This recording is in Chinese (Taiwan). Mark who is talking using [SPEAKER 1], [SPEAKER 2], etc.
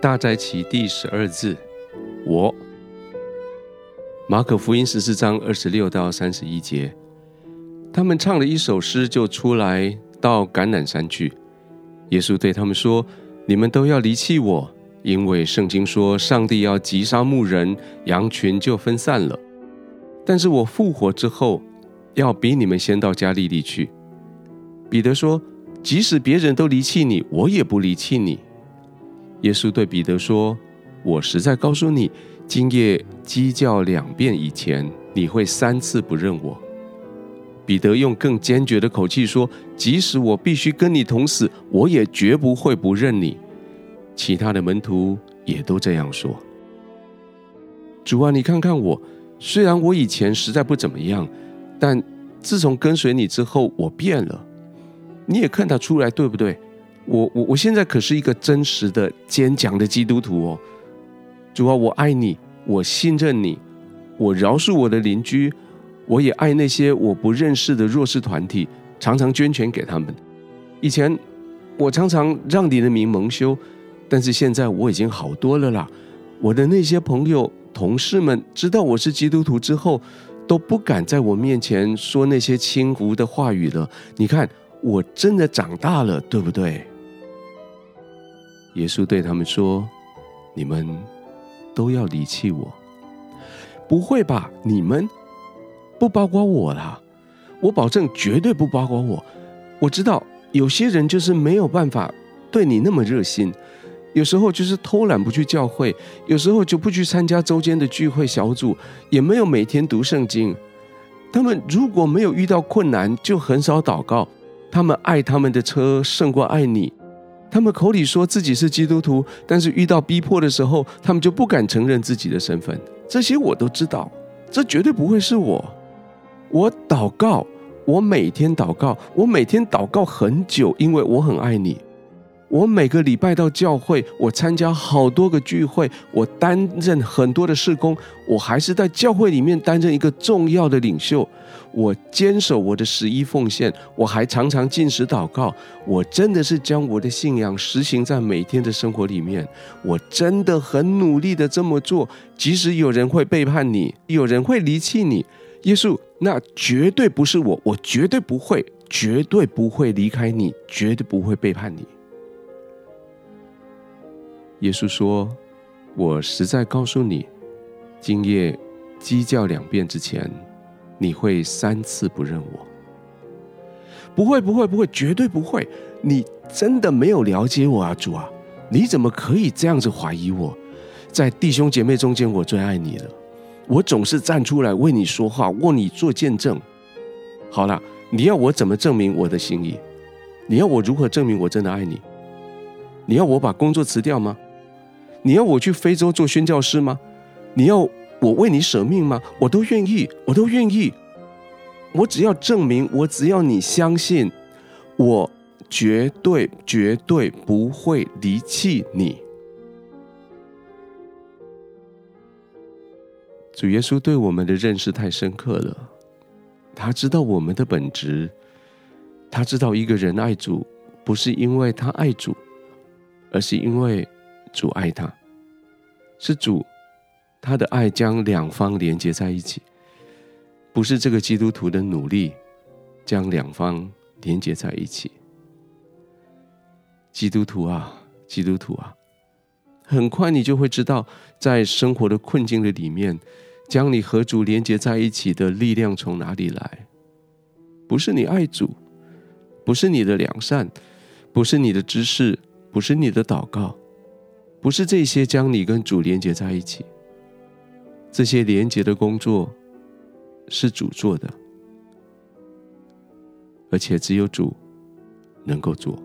[SPEAKER 1] 大齋期第十二日，我。馬可福音十四章二十六到三十一節，他們唱了一首詩就出來到橄欖山去。耶穌對他們說：“你們都要離棄我，因為聖經說，上帝要擊殺牧人，羊群就分散了。但是我復活之後，要比你們先到加利利去。”彼得說：“即使別人都離棄你，我也不離棄你。”耶穌對彼得說：“我實在告訴你，今夜雞叫兩遍以前，你會三次不認我。”彼得用更堅決的口氣說：“即使我必須跟你同死，我也絕不會不認你。”其他的門徒也都這樣說：“主啊，你看看我，雖然我以前實在不怎麼樣，但自從跟隨你之後，我變了。你也看得出來，對不對？”我我我現在可是一個真實的堅強的基督徒哦，主啊，我愛你，我信任你，我饒恕我的鄰居，我也愛那些我不認識的弱勢團體，常常捐錢給他們。以前我常常讓你的名蒙羞，但是現在我已經好多了啦。我的那些朋友同事們知道我是基督徒之後，都不敢在我面前說那些輕浮的話語了。你看，我真的長大了，對不對？耶穌對他們說：“你們都要離棄我。”不會吧？你們不包括我啦？我保證絕對不包括我。我知道有些人就是沒有辦法對你那麼熱心，有時候就是偷懶不去教會，有時候就不去參加周間的聚會小組，也沒有每天讀聖經。他們如果沒有遇到困難，就很少禱告。他們愛他們的車，勝過愛你。他們口裡說自己是基督徒，但是遇到逼迫的時候，他們就不敢承認自己的身份。這些我都知道，這絕對不會是我。我禱告，我每天禱告，我每天禱告很久，因為我很愛你。我每個禮拜到教會，我參加好多個聚會，我擔任很多的事工，我還是在教會裡面擔任一個重要的領袖。我堅守我的十一奉獻，我還常常禁食禱告。我真的是將我的信仰實行在每天的生活裡面。我真的很努力的這麼做，即使有人會背叛你，有人會離棄你，耶穌，那絕對不是我，我絕對不會，絕對不會離開你，絕對不會背叛你。耶穌說：“我實在告訴你，今夜雞叫兩遍之前，你會三次不認我。不會，不會，不會，絕對不會！你真的沒有了解我啊，主啊！你怎麼可以這樣子懷疑我？在弟兄姐妹中間，我最愛你了。我總是站出來為你說話，為你做見證。好啦，你要我怎麼證明我的心意？你要我如何證明我真的愛你？你要我把工作辭掉嗎？”你要我去非洲做宣教士嗎？你要我為你舍命嗎？我都願意，我都願意。我只要證明，我只要你相信，我絕對絕對不會離棄你。主耶穌對我們的認識太深刻了，他知道我們的本質，他知道一個人愛主不是因為他愛主，而是因為。主愛他，是主，他的愛將兩方連接在一起，不是這個基督徒的努力將兩方連接在一起。基督徒啊，基督徒啊，很快你就會知道，在生活的困境的裡面，將你和主連接在一起的力量從哪裡來？不是你愛主，不是你的良善，不是你的知識，不是你的禱告。不是這些將你跟主連結在一起。這些連結的工作是主做的，而且只有主能夠做。